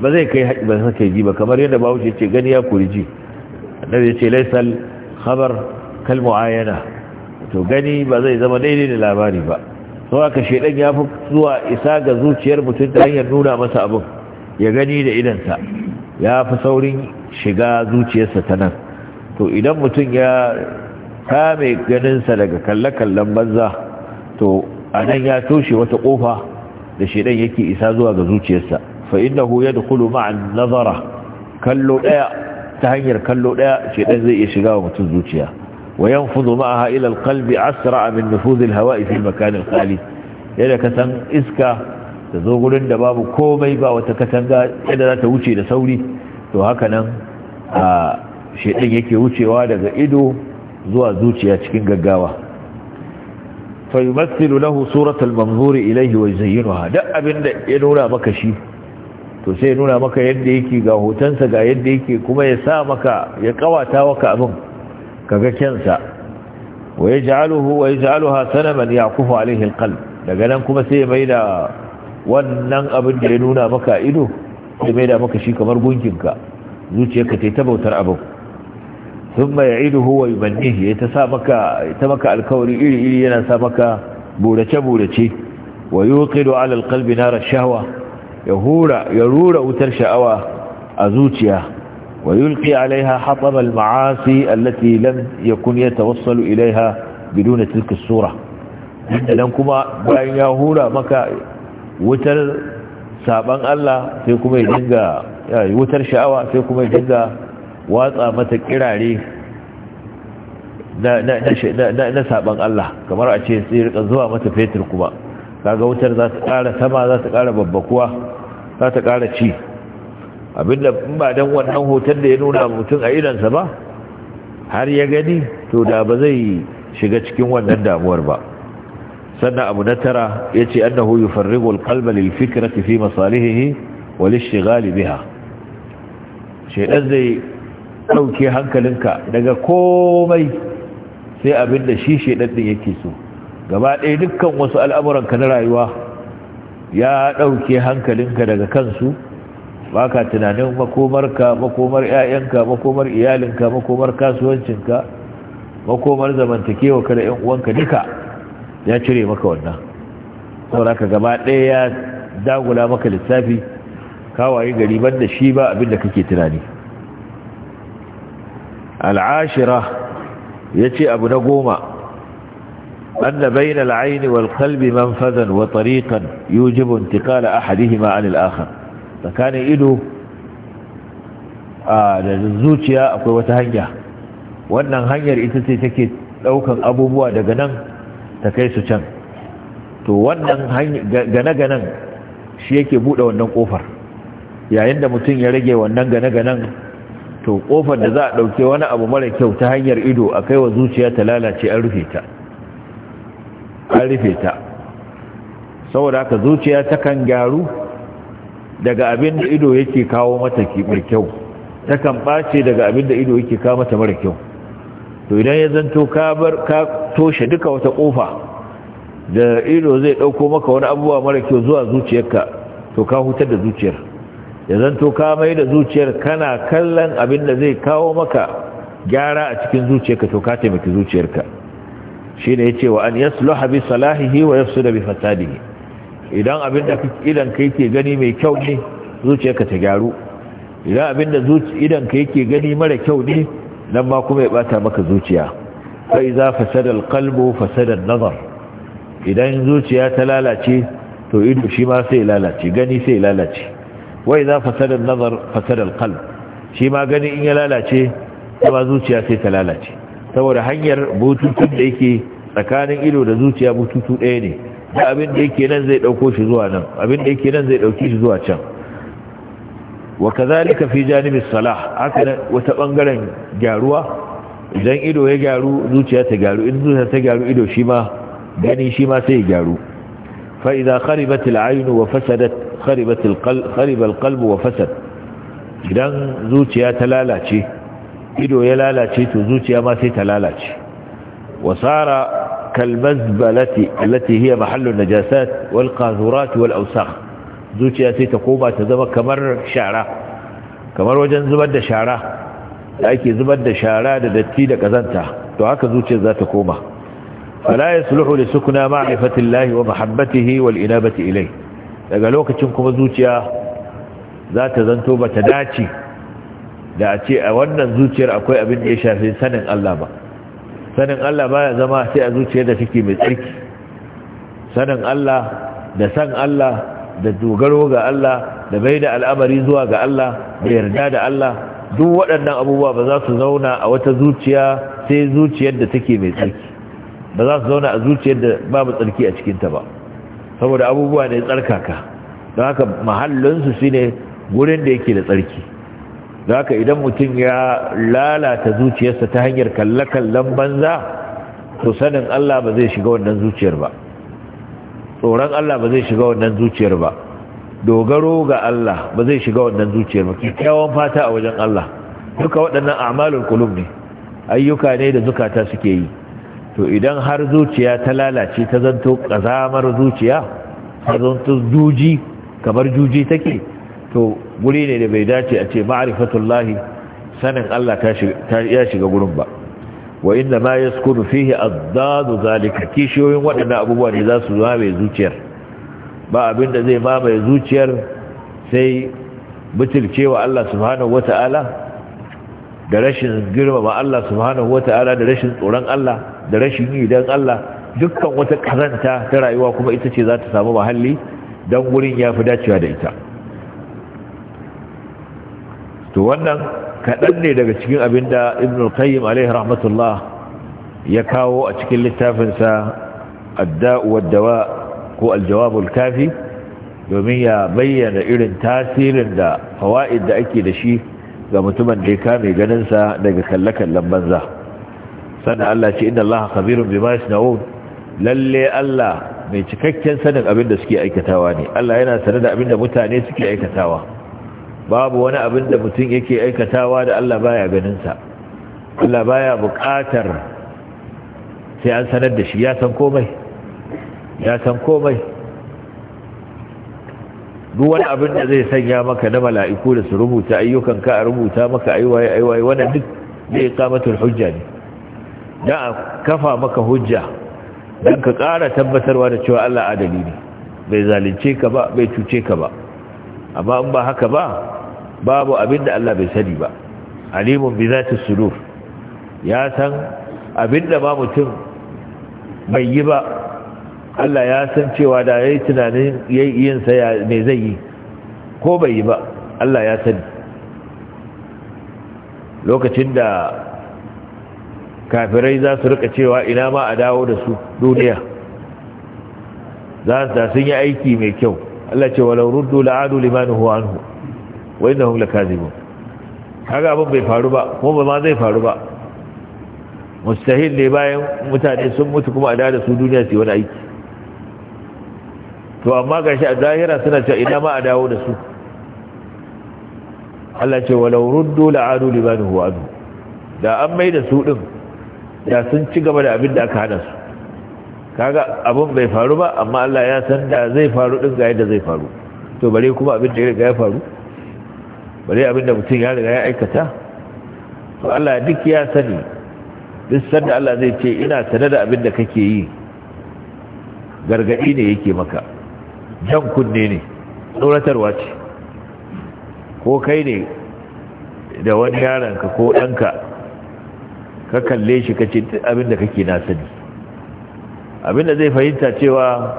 ba zai kai ba sai kai ji ba kamar yadda bawo ce gani ya kuri ji annabi ya ce laysal khabar kal muayana to gani ba zai zama daidai da labari ba to haka shedan ya fi zuwa isa ga zuciyar mutum ta hanyar nuna masa abin ya gani da idansa ya fi saurin shiga zuciyarsa ta nan to idan mutum ya kame ganinsa daga kalle-kallen banza to a nan ya toshe wata kofa da shedan yake isa zuwa ga zuciyarsa fa innahu yadkhulu ma'a nazara kallo daya ta hanyar kallo ɗaya shaidan zai iya shiga wa mutum zuciya wa yanfudu ma'aha ila alqalbi asra min nufuzil hawa'i fil makan alqali yadda ka san iska ta zo gurin da babu komai ba wata katanga yadda za ta wuce da sauri to haka nan a shaidan yake wucewa daga ido zuwa zuciya cikin gaggawa fa yumathilu lahu suratal manzuri ilayhi wa yuzayyinha da abinda ya nuna maka shi to sai nuna maka yadda yake ga hotonsa ga yadda yake kuma ya sa maka ya kawata waka abin kaga kyansa wa yaj'aluhu wa yaj'aluha sanaman yaqufu alayhi alqalb daga nan kuma sai ya maida wannan abin da ya nuna maka ido ya maida maka shi kamar gunkinka zuciyarka ta ta bautar abin thumma ya'iduhu wa yumannihi ya ta sa maka ta maka alkawari iri iri yana sa maka burace burace wa yuqidu ala alqalbi nar ash-shahwa ya hura ya rura wutar sha'awa a zuciya wa yulqi alaiha hatab al-ma'asi allati lam yakun yatawassalu ilaiha bidun tilka as-sura dan kuma bayan ya hura maka wutar saban Allah sai kuma ya dinga wutar sha'awa sai kuma ya dinga watsa mata kirare na saban Allah kamar a ce sai rika zuwa mata fetur kuma kaga wutar za ta ƙara sama za ta ƙara babbakuwa za ta ƙara ci abinda in ba don wannan hoton da ya nuna mutum a idansa ba har ya gani to da ba zai shiga cikin wannan damuwar ba sannan abu na tara ya ce annahu yi farrigo alƙalba lilfikirati fi masalihihi wani shigali biha shaidan zai ɗauke hankalinka daga komai sai abinda shi shaidan ɗin yake so gaba ɗaya dukkan wasu al'amuranka na rayuwa ya ɗauke hankalinka daga kansu ba ka tunanin makomarka makomar 'ya'yanka makomar iyalinka makomar kasuwancinka makomar zamantakewa ka da 'yan uwanka duka ya cire maka wannan sauraka gaba ɗaya ya dagula maka lissafi waye gari ban da shi ba abinda kake tunani al'ashira ya ce abu na goma أن بين العين والقلب منفذا وطريقا يوجب انتقال أحدهما عن الآخر فكان إدو da zuciya akwai wata hanya wannan hanyar ita ce take daukan abubuwa daga nan ta kai su can to wannan gane-ganen shi yake bude wannan kofar yayin da mutum ya rage wannan gane to kofar da za a dauke wani abu mara kyau ta hanyar ido a kai wa zuciya ta lalace an rufe ta an rufe ta saboda haka zuciya takan gyaru daga abin da ido yake kawo mata mai kyau ta kan ɓace daga abin da ido yake kawo mata mara kyau to idan ya zanto ka toshe duka wata ƙofa da ido zai ɗauko maka wani abubuwa mara kyau zuwa zuciyarka to ka hutar da zuciyar ya zanto ka mai da zuciyar kana kallon abin da zai kawo maka gyara a cikin zuciyarka to ka taimaki zuciyarka Shi shine yace wa an yasluha bi salahihi wa yafsuda bi fasadihi idan abin da idan kai ke gani mai kyau ne zuciyarka ta gyaru idan abin da idan kai ke gani mara kyau ne nan ma kuma ya bata maka zuciya fa idza fasada alqalbu fasada an-nazar idan zuciya ta lalace to ido shi ma sai lalace gani sai lalace wa idza fasada an-nazar fasada alqalb shi ma gani in ya lalace kuma zuciya sai ta lalace saboda hanyar bututun da yake tsakanin ido da zuciya bututu ɗaya ne da abin da yake nan zai ɗauko shi zuwa nan abin da yake nan zai ɗauki shi zuwa can wa kazalika fi janibis salah haka wata bangaren gyaruwa idan ido ya gyaru zuciya ta gyaru in zuciya ta gyaru ido shi ma gani shi ma sai ya gyaru fa idza kharibat al-ayn wa fasadat kharibat al-qalb khariba al-qalb wa fasad idan zuciya ta lalace ido ya lalace to zuciya ma sai ta lalace wasara kalmazbalati allati hiya mahallu najasat wal qazurat wal awsakh zuciya sai ta koma ta zama kamar shara kamar wajen zubar da shara da ake zubar da shara da datti da kazanta to haka zuciyar za ta koma fala yasluhu li sukna ma'rifati llahi wa mahabbatihi wal inabati ilayhi daga lokacin kuma zuciya za ta zanto bata dace da a ce a wannan zuciyar akwai abin da ya shafi sanin Allah ba sanin Allah baya zama sai a zuciyar da take mai tsarki sanin Allah da san Allah da dogaro ga Allah da bai da al'amari zuwa ga Allah da yarda da Allah duk waɗannan abubuwa ba za su zauna a wata zuciya sai zuciyar da take mai tsarki ba za su zauna a zuciyar da babu tsarki a cikinta ba saboda abubuwa ne tsarkaka don haka mahallinsu shine gurin da yake da tsarki zaka idan mutum ya lalata zuciyarsa ta hanyar kalle kallan banza to sanin Allah ba zai shiga wannan zuciyar ba tsoron Allah ba zai shiga wannan zuciyar ba dogaro ga Allah ba zai shiga wannan zuciyar ba kyakkyawan fata a wajen Allah duka waɗannan a'malul qulub ne ayyuka ne da zukata suke yi to idan har zuciya ta lalace ta zanto kazamar zuciya ta zanto juji kamar juji take to guri ne da bai dace a ce ma'rifatullahi sanin Allah ya shiga gurin ba wa inna ma yaskunu fihi addadu zalika kishiyoyin waɗannan abubuwa ne za su mamaye zuciyar ba abinda zai mamaye zuciyar sai butulcewa Allah subhanahu wata'ala da rashin girmama Allah subhanahu wata'ala da rashin tsoron Allah da rashin yi dan Allah dukkan wata karanta ta rayuwa kuma ita ce za ta samu mahalli don wurin ya fi dacewa da ita to wannan kaɗan ne daga cikin abin da ibn al-qayyim alaihi rahmatullah ya kawo a cikin littafinsa adda'u wadda ko aljawabul kafi domin ya bayyana irin tasirin da fawa'id da ake da shi ga mutumin da ya kame ganinsa daga kalle banza sannan Allah ce inda Allah khabirun bi yasnaun lalle Allah mai cikakken sanin abin da suke aikatawa ne Allah yana sanar da abin da mutane suke aikatawa babu wani abin da mutum yake aikatawa da Allah baya ganinsa Allah baya buƙatar sai an sanar da shi ya san komai ya san komai duk wani abin da zai sanya maka na mala'iku da su rubuta ayyukan ka a rubuta maka aiwaye aiwaye wannan duk zai kamatar hujja ne don a kafa maka hujja don ka ƙara tabbatarwa da cewa Allah adali ne bai zalunce ka ba bai cuce ka ba amma in ba haka ba babu abinda Allah bai sani ba alimun bi zati sudur ya san abinda ba mutum bai yi ba Allah ya san cewa da yayi tunanin yayi yin sa ya me zai yi ko bai yi ba Allah ya sani lokacin da kafirai za su rika cewa ina ma a dawo da su duniya za su sun yi aiki mai kyau Allah ce walau ruddu la'adu limanu huwa anhu wa innahum lakazibun kaga abin bai faru ba ko ba ma zai faru ba mustahil ne bayan mutane sun mutu kuma a dada su duniya su wani aiki to amma gashi a zahira suna cewa ina ma a dawo da su Allah ce walau ruddu la'adu limanu huwa anhu da an mai da su din da sun ci gaba da abin da aka hana su kaga abun bai faru ba amma Allah ya san da zai faru din ga yadda zai faru to bare kuma abin da ya ya faru bare abin da mutum ya riga ya aikata to Allah duk ya sani duk sanda Allah zai ce ina sanar da abin da kake yi gargadi ne yake maka jan kunne ne tsoratarwa ce ko kai ne da wani yaranka ko ɗanka ka kalle shi ka ce abin da kake na sani abinda zai fahimta cewa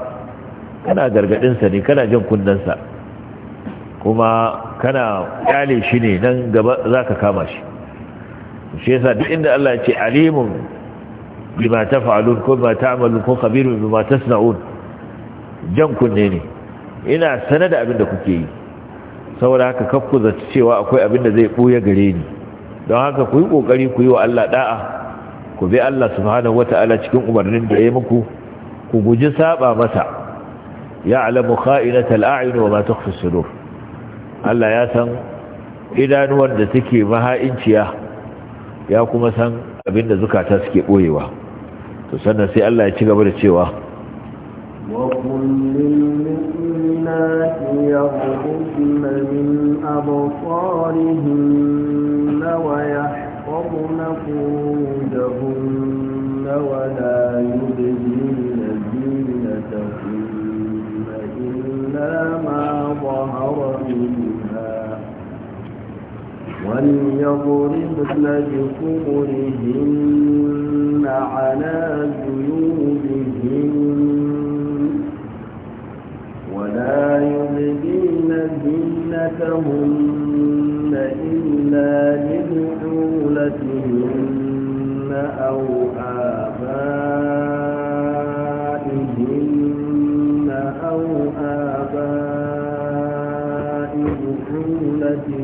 kana gargadinsa ne kana jin kundansa kuma kana kyale shi ne nan gaba za ka kama shi shi yasa duk inda Allah ya ce alimun bima taf'alun ko ma ta'malun ko khabirun bima tasna'un jan kunne ne ina sanar da abin da kuke yi saboda haka kafku zata cewa akwai abin da zai buya gare ni don haka ku yi kokari ku yi wa Allah da'a ku bi Allah subhanahu wata'ala cikin umarnin da ya muku ku guji saba masa alamu kha'inatal a'yun wa ma tukhfi sudur Allah ya san idanuwar da suke maha'inciya ya kuma san abinda zukata suke boyewa to sannan sai Allah ya ci gaba da cewa wa الناس يغضبن من أبصارهن ويحفظن يحفظن فروجهن ولا يبدين زينتهن إلا ما ظهر منها وليضربن بخمرهن على جيوبهن ولا يبدين زينتهن إلا لبعولتهن أو آبائهن أو آباء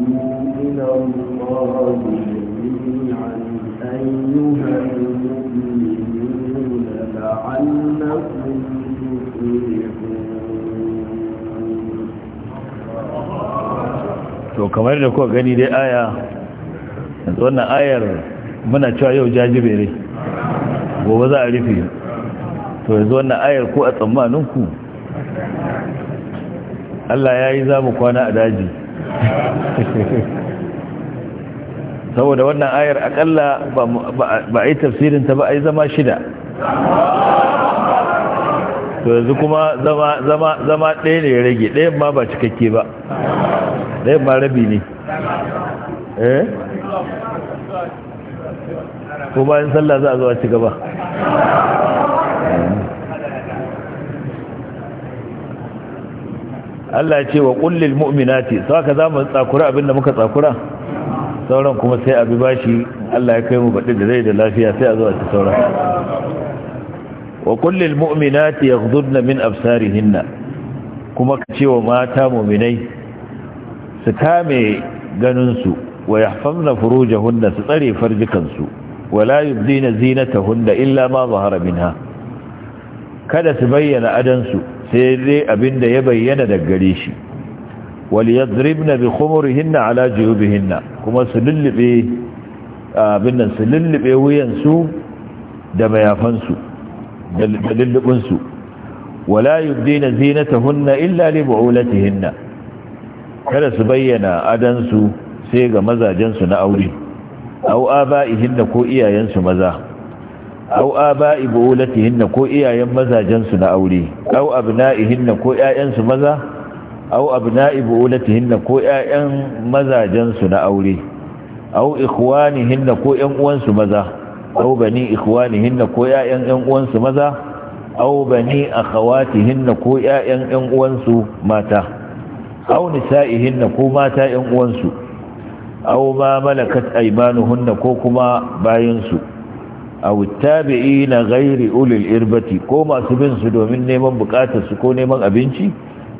to kamar da kuka gani dai aya yanzu wannan ayar muna cewa yau jajibere gobe za a rufe to yanzu wannan ayar ko a tsammaninku Allah ya yi za mu kwana a daji saboda wannan ayar akalla ba a yi tafsirin ta ba a yi zama shida to yanzu kuma zama ɗaya ne ya rage ɗayan ma ba cikakke ba ɗayan ma rabi ne eh ko bayan sallah za a zuwa ci gaba Allah ya ce wa kullil mu'minati to haka za tsakura abinda muka tsakura sauran kuma sai abi bashi Allah ya kai mu baɗi da zai da lafiya sai a zo a ci sauran wa kullil mu'minati yaghdudna min absarihinna kuma ka ce wa mata mu'minai su kame ganin su wa yahfazna furujahunna su tsare farjikansu zina yubdina zinatahunna illa ma zahara minha kada su bayyana adansu sai dai abinda ya bayyana da gare shi waliyadribna bi khumurihinna ala juyubihinna kuma su lullube abin nan su lullube wuyansu da mayafansu da lullubinsu wala yubdina zinatahunna illa li bu'ulatihinna kada su bayyana adansu sai ga mazajensu na aure au ihinna ko iyayensu maza aw aba'i bulatihinna ko iyayen mazajen su na aure aw abna'ihinna ko ƴaƴan su maza aw abna'i bulatihinna ko iyayen mazajen su na aure aw ikhwanihinna ko ƴan uwan su maza aw bani ikhwanihinna ko iyayen ƴan uwan su maza aw bani akhawatihinna ko iyayen ƴan uwan su mata aw nisa'ihinna ko mata ƴan uwan su aw ma malakat aymanuhunna ko kuma bayansu? su aw na gairi ulil irbati ko masu bin su domin neman bukatar su ko neman abinci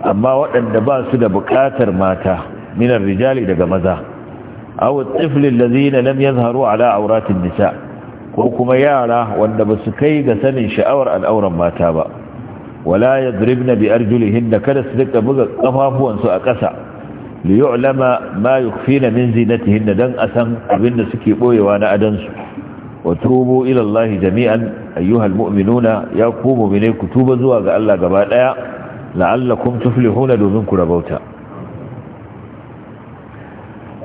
amma waɗanda ba su da bukatar mata minar rijali daga maza aw at-tifl alladhina lam yazharu ala awratin nisa ko kuma yara wanda ba su kai ga sanin sha'awar al'auran mata ba wala biyar bi arjulihinna kada su rika buga kafafuwansu a ƙasa liyu'lama ma yukhfina min a dan abin abinda suke ɓoyewa na adansu وتوبوا إلى الله جميعا أيها المؤمنون يا كوموا منيك توبة زواج ألا قبالا لعلكم تفلحون دوزنك ربوتا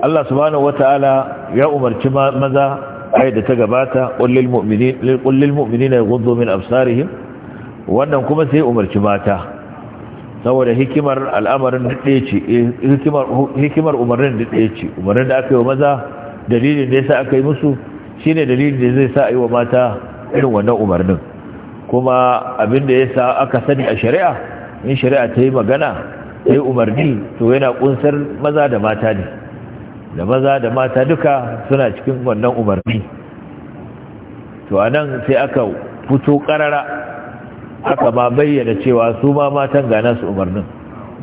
الله سبحانه وتعالى يا أمر كما ماذا عيدة تقباتا قل للمؤمنين, قل للمؤمنين يغضوا من أبصارهم وأنكم سي أمر كماتا saboda hikimar al'amarin da ɗaya ce hikimar umarnin da ɗaya ce umarnin da aka yi wa maza dalilin da ya sa aka yi musu shi ne dalilin da zai sa a yi wa mata irin wannan umarnin kuma abin da ya sa aka sani a shari'a in shari'a ta yi magana ta yi umarni to yana kunsar maza da mata ne da maza da mata duka suna cikin wannan umarni to a nan sai aka fito karara aka ma bayyana cewa su ma matan gana su umarnin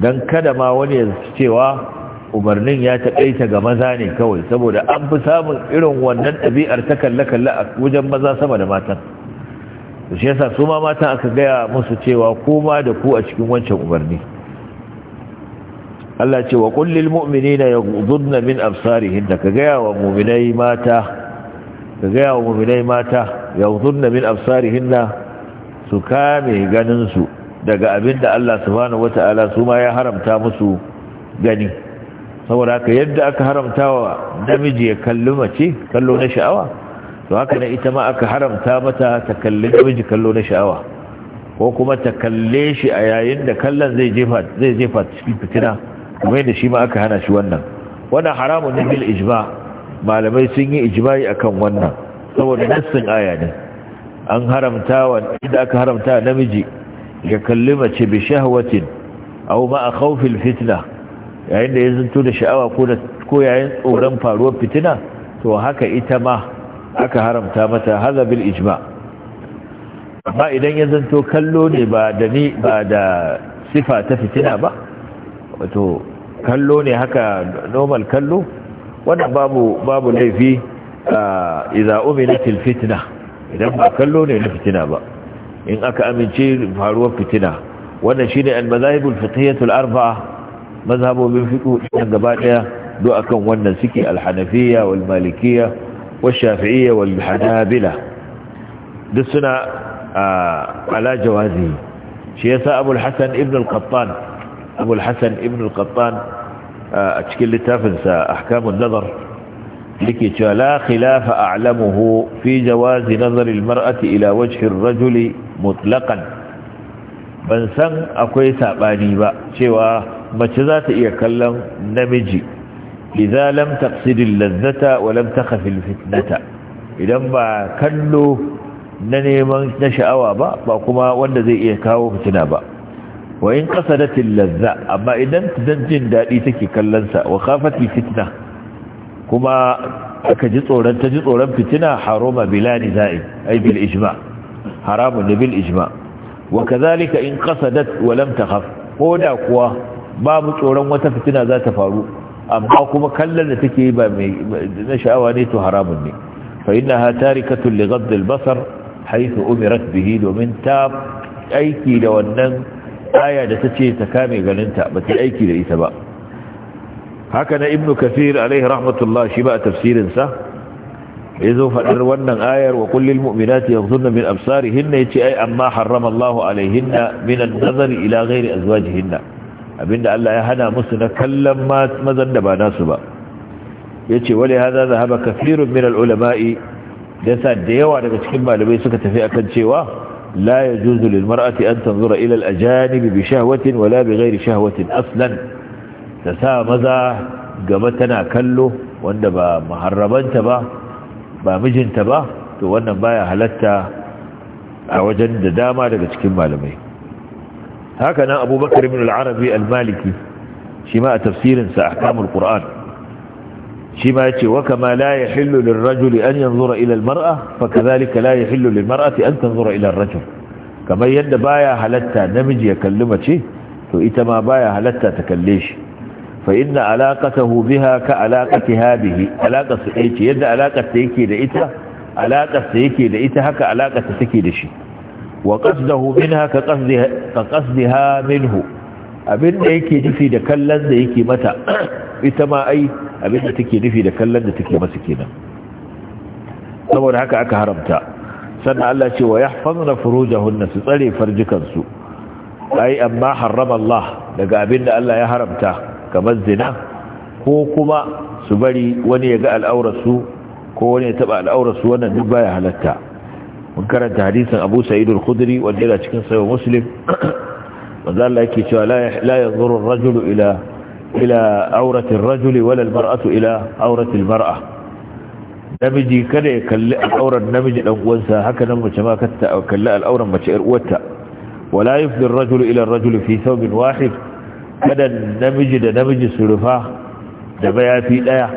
don kada ma wani ya cewa umarnin ya taƙaita ga maza ne kawai saboda an fi samun irin wannan ɗabi'ar ta kalle-kalle a wajen maza sama da matan da shi yasa su ma matan aka gaya musu cewa koma da ku a cikin wancan umarni Allah ce wa kullil mu'minina yaghudduna min absarihin da ka gaya wa mu'minai mata ka gaya wa mu'minai mata min absarihin su kame ganinsu, daga abinda Allah subhanahu wataala su ma ya haramta musu gani saboda haka yadda aka haramta wa namiji ya kalli mace kallo na sha'awa to haka ne ita ma aka haramta mata ta kalli namiji kallo na sha'awa ko kuma ta kalle shi a yayin da kallon zai jefa zai jefa cikin fitina kuma yadda shi ma aka hana shi wannan wannan haramun ne bil ijma malamai sun yi ijma'i akan wannan saboda nassin aya ne an haramta wa inda aka haramta namiji ya kalli mace bi shahwatin aw ma khawfil fitna yayin da ya zanto da sha'awa ko yayin tsoron faruwar fitina to haka ita ma aka haramta mata haza bil ijma amma idan ya zanto kallo ne ba da ni ba da sifa ta fitina ba wato kallo ne haka normal kallo wannan babu babu laifi idza uminat fitna idan ba kallo ne na fitina ba in aka amince faruwar fitina wannan shine al madahib al arba'a mazhabobin fiqh din gaba ɗaya do akan wannan suke al-hanafiyya wal malikiyya duk suna ala jawazi shi yasa sa hasan ibn al-qattan ibn al-qattan a cikin littafin sa ahkamun nazar yake cewa la khilafa a'lamuhu fi jawazi nazar marati ila wajhi rajuli mutlaqan ban san akwai sabani ba cewa mace za ta iya kallon namiji idza lam taqsidil lazzata wa lam takhafil fitnata idan ba kallo na neman na sha'awa ba ba kuma wanda zai iya kawo fitina ba wa in qasadatil lazza amma idan dan jin dadi take kallon sa wa khafatil fitna kuma aka ji tsoron ta ji tsoron fitina haroma bilani niza'i ay bil ijma haramun bil ijma wa kadhalika in qasadat wa lam takhaf da kuwa babu tsoron wata fitina za ta faru amma kuma kallon da take yi ba mai na sha'awa ne to haramun ne fa inna ha tarikatun li ghadd al basar haythu umirat bihi domin ta aiki da wannan aya da tace ta kame ganinta ba ta aiki da ita ba haka na ibnu kafir alaihi rahmatullah shi ba tafsirin sa yazo fadar wannan ayar wa kullil mu'minati yaghdhunna min absarihinna yace ai amma harrama Allahu alaihinna min an-nazari ila ghairi azwajihinna abinda Allah ya hana musu na kallon mazan da ba nasu ba yace wale hada zahaba kafirun min al-ulama'i yasa da yawa daga cikin malamai suka tafi akan cewa la yajuzu lil mar'ati an tanzura ila al-ajanib bi shahwatin wala bi ghairi shahwatin aslan ta sa maza gaba tana kallo wanda ba muharramanta ba ba mijinta ba to wannan baya halatta a wajen da dama daga cikin malamai haka nan abubakar ibn al-arabi al-maliki shi ma a tafsirinsa ahkamul qur'an shi ma yace wa kama la yahillu lirrajuli an yanzura ila al-mar'a fa kadhalika la mara fi an tanzura zura ar-rajul kamar yadda baya halatta namiji ya kalli mace to ita ma baya halatta ta kalle shi fa inna alaqatahu biha ka alaqatiha bihi alaqatu yadda alaqata yake da ita alaqata yake da ita haka alaqata take da shi wa qasdahu minha ka qasdiha abinda yake nufi da kallon da yake mata ita ma ai abinda take nufi da kallon da take masa kenan saboda haka aka haramta sannan Allah ce wa yahfazna furujahunna su tsare farjikan su ai amma harrama Allah daga abinda Allah ya haramta kamar zina ko kuma su bari wani ya ga al'aurar su ko wani ya taba al'aurar su wannan duk baya halatta mun karanta hadisin abu sa'id al-khudri wanda yana cikin sahih muslim wanda Allah yake cewa la yanzuru ar-rajulu ila ila aurati ar-rajuli wala al-mar'atu ila aurati al-mar'a namiji kada ya kalli al'auran namiji dan uwansa haka nan mace ma kada kalli al'auran mace yar uwarta wala yufdi ar-rajulu ila ar-rajuli fi thawbin wahid kada namiji da namiji su rufa da bayafi daya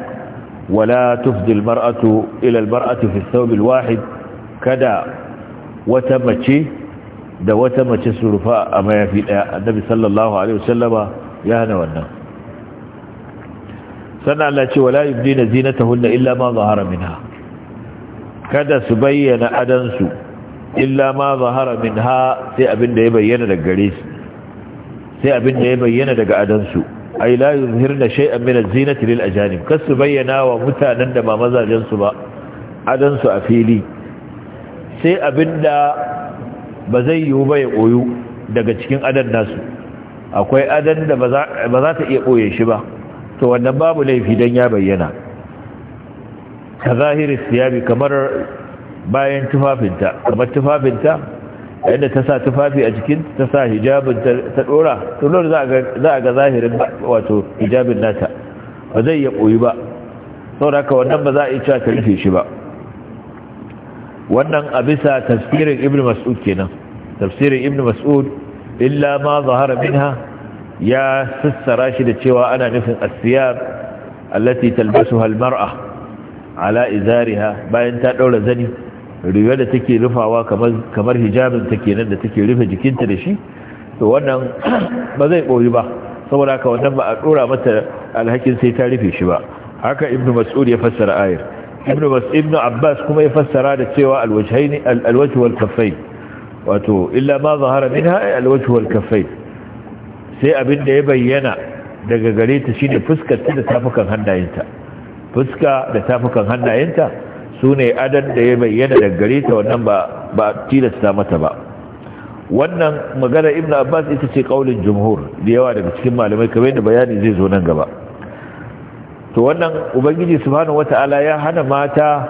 wala tufdi al-mar'atu ila al-mar'ati fi thawb al-wahid kada wata mace da wata mace surufa a mayafi daya annabi sallallahu alaihi wasallama ya hana wannan sannan Allah ce wala yubdina zinatahunna illa ma zahara minha kada su bayyana adansu illa ma zahara minha sai abin da ya bayyana daga gare su sai abin da ya bayyana daga adansu ay la yuzhirna shay'an min az-zinati lil ajanib kasu bayyana wa mutanen da ba mazajen su ba adansu a fili sai abinda ba zai yiwu ba ya koyu daga cikin adan nasu akwai adan da ba za ta iya koye shi ba to wannan babu laifi don ya bayyana ka zahiri siyabi kamar bayan tufafinta kamar tufafinta yadda ta sa tufafi a cikin ta sa hijabin ta dora to lori za a ga zahirin wato hijabin nata ba zai ya koyi ba saboda haka wannan ba za a iya cewa ta rufe shi ba wannan a bisa tafsirin ibn mas'ud kenan tafsirin ibn mas'ud illa ma zahara minha ya sassara shi da cewa ana nufin asiyar allati talbasuha almar'a ala izariha bayan ta daura zani riwa da take rufawa kamar kamar hijabin ta kenan da take rufe jikinta da shi to wannan ba zai boyi ba saboda haka wannan ba a dora mata alhakin sai ta rufe shi ba haka ibn mas'ud ya fassara ayar ibn abbas kuma ya fassara da cewa alwajhaini alwajhu wal kaffayn wato illa ma zahara minha alwajhu wal kaffayn sai abin da ya bayyana daga gare ta shine fuskar ta da tafukan hannayenta fuska da tafukan hannayenta sune adan da ya bayyana daga gare ta wannan ba ba tilasta mata ba wannan magana ibn abbas ita ce kaulin jumhur da yawa daga cikin malamai kamar yadda bayani zai zo nan gaba to wannan ubangiji subhanahu wata'ala ya hana mata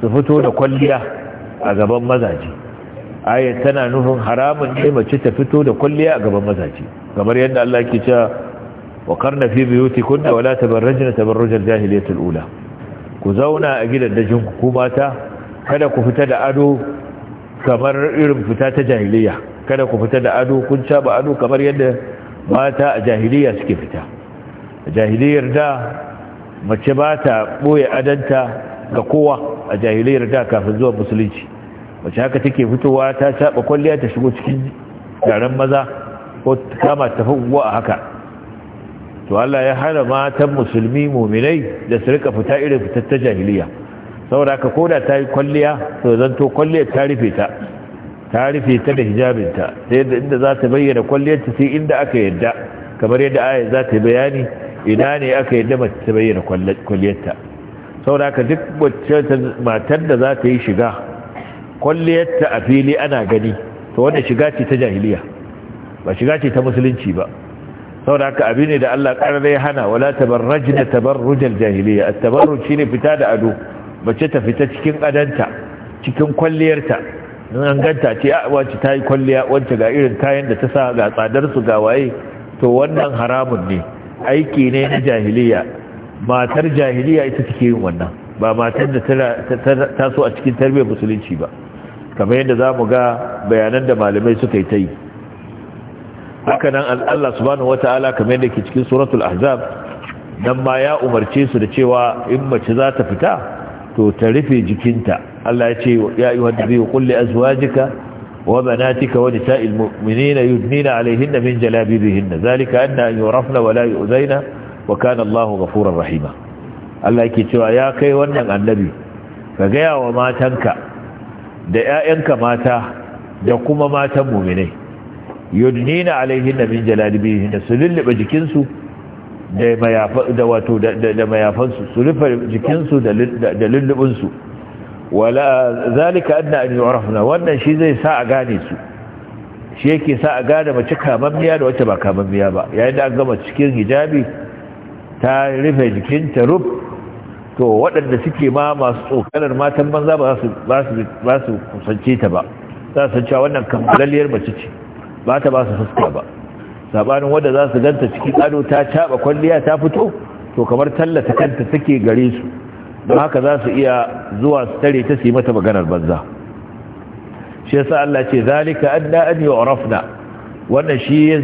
su fito da kwalliya a gaban mazaje aya tana nufin haramun ne mace ta fito da kwalliya a gaban mazaje kamar yadda Allah ke cewa wa karna fi biyutikunna wala tabarrajna tabarrujal jahiliyatul ula ku zauna a gidajen ku ku mata kada ku fita da ado kamar irin fita ta jahiliya kada ku fita da ado kun caba ado kamar yadda mata a jahiliya suke fita jahiliyar da mace ba ta ɓoye adanta ga kowa a jahiliyar da kafin zuwa musulunci mace haka take fitowa ta saba kwalliya ta shigo cikin yaren maza ko kama ta uwa a haka to Allah ya hana matan musulmi muminai da su rika fita irin fitar ta jahiliya saboda ka koda ta yi kwalliya to to kwalliyar ta rufe ta ta rufe ta da hijabinta Sai da inda za ta bayyana kwalliyarta sai inda aka yadda kamar yadda ayat za ta bayani ina ne aka yadda mace ta bayyana kwalliyarta da aka duk matar da za ta yi shiga kwalliyarta a fili ana gani to wanda shiga ce ta jahiliya ba shiga ce ta musulunci ba da haka abi ne da Allah karar ya hana wala da tabarrujar jahiliya a tabarruci ne fita da ado bace ta fita cikin adanta cikin kwalliyarta an ganta ce a wace yi kwalliya wacce ga irin kayan da ta sa ga tsadar su ga waye to wannan haramun ne aiki ne na jahiliya matar jahiliya ita take yin wannan ba matar da ta so a cikin tarbiyyar musulunci ba kamar yadda za mu ga bayanan da malamai suka yi ta yi haka nan Allah subhanahu ta'ala kamar yadda ke cikin suratul ahzab nan ma ya umarce su da cewa in mace za ta fita to ta rufe jikinta Allah ya ce ya ayyuhan wa kulle azuwa azwajika وبناتك ونساء المؤمنين يدنين عليهن من جلابيبهن ذلك أن أن يعرفن ولا يؤذين وكان الله غفورا رحيما الله cewa ya kai wannan annabi ka gaya wa matanka da ƴaƴanka mata da kuma matan yudnina alaihinna min su lullube jikinsu da mayafa da wato da mayafansu su rufe jikinsu da lullubinsu wala zalika adna an yu'rafna wannan shi zai sa a gane su shi yake sa a gane mace kamammiya da wacce ba kamammiya ba yayin da an gama cikin hijabi ta rufe jikinta rub to waɗanda suke ma masu tsokanar matan banza ba su kusance ta ba za su cewa wannan kammalalliyar mace ce ba ta ba su fuska ba sabanin wanda za su ganta cikin ado ta caba kwalliya ta fito to kamar tallata kanta take gare su don haka za su iya zuwa tare ta su yi mata maganar banza shi yasa Allah ce zalika adna an yu'rafna wannan shi ya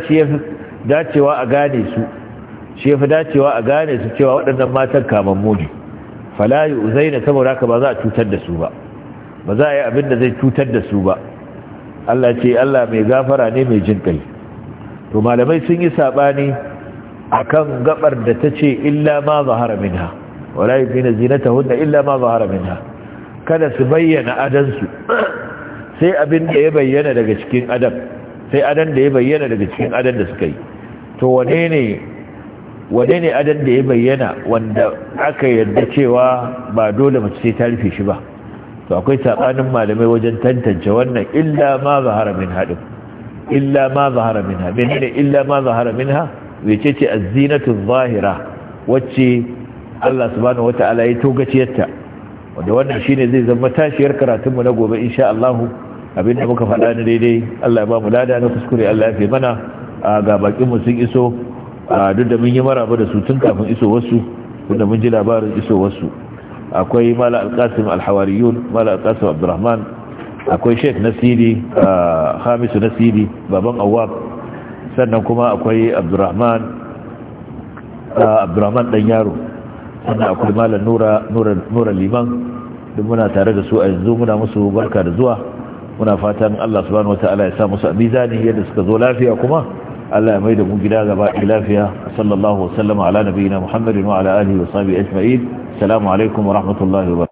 fi dacewa a gane su shi ya fi dacewa a gane su cewa waɗannan matan kamammu ne fala Zaina, saboda haka ba za a cutar da su ba ba za a yi abin da zai cutar da su ba Allah ce Allah mai gafara ne mai jin kai to malamai sun yi saɓani akan gabar da ta ce illa ma zahara minha wala yufina zinatahunna illa ma zahara minha kada su bayyana adansu sai abin da ya bayyana daga cikin adam sai adan da ya bayyana daga cikin adan da suka yi to wane ne wane ne adan da ya bayyana wanda aka yarda cewa ba dole mace sai ta rufe shi ba to akwai sabanin malamai wajen tantance wannan illa ma zahara min hadin illa ma zahara minha menene illa ma zahara minha wacece az-zinatu adh-dhahira wacce Allah subhanahu wata'ala ya togaciyarta wanda wannan shine zai zama tashiyar karatunmu na gobe insha Allah abinda muka faɗa ni daidai Allah ya ba mu lada na kuskure Allah ya fi mana ga bakin mu sun iso duk da mun yi maraba da su tun kafin iso wasu tunda mun ji labarin iso wasu akwai mala alqasim alhawariyun mala alqasim abdurrahman akwai sheikh nasiri hamisu nasiri baban awab sannan kuma akwai abdurrahman abdurrahman dan yaro ana akwai malam nura liman da muna tare da su a yanzu muna musu barka da zuwa muna fatan Allah subhanahu wata'ala ya sa musu a mizani yadda suka zo lafiya kuma Allah ya mai da mu gida gaba i lafiya sallallahu wasallama ala nabiyina Muhammadin wa ala alihi wa sahbihi ajma'in assalamu alaikum wa rahmatullahi wa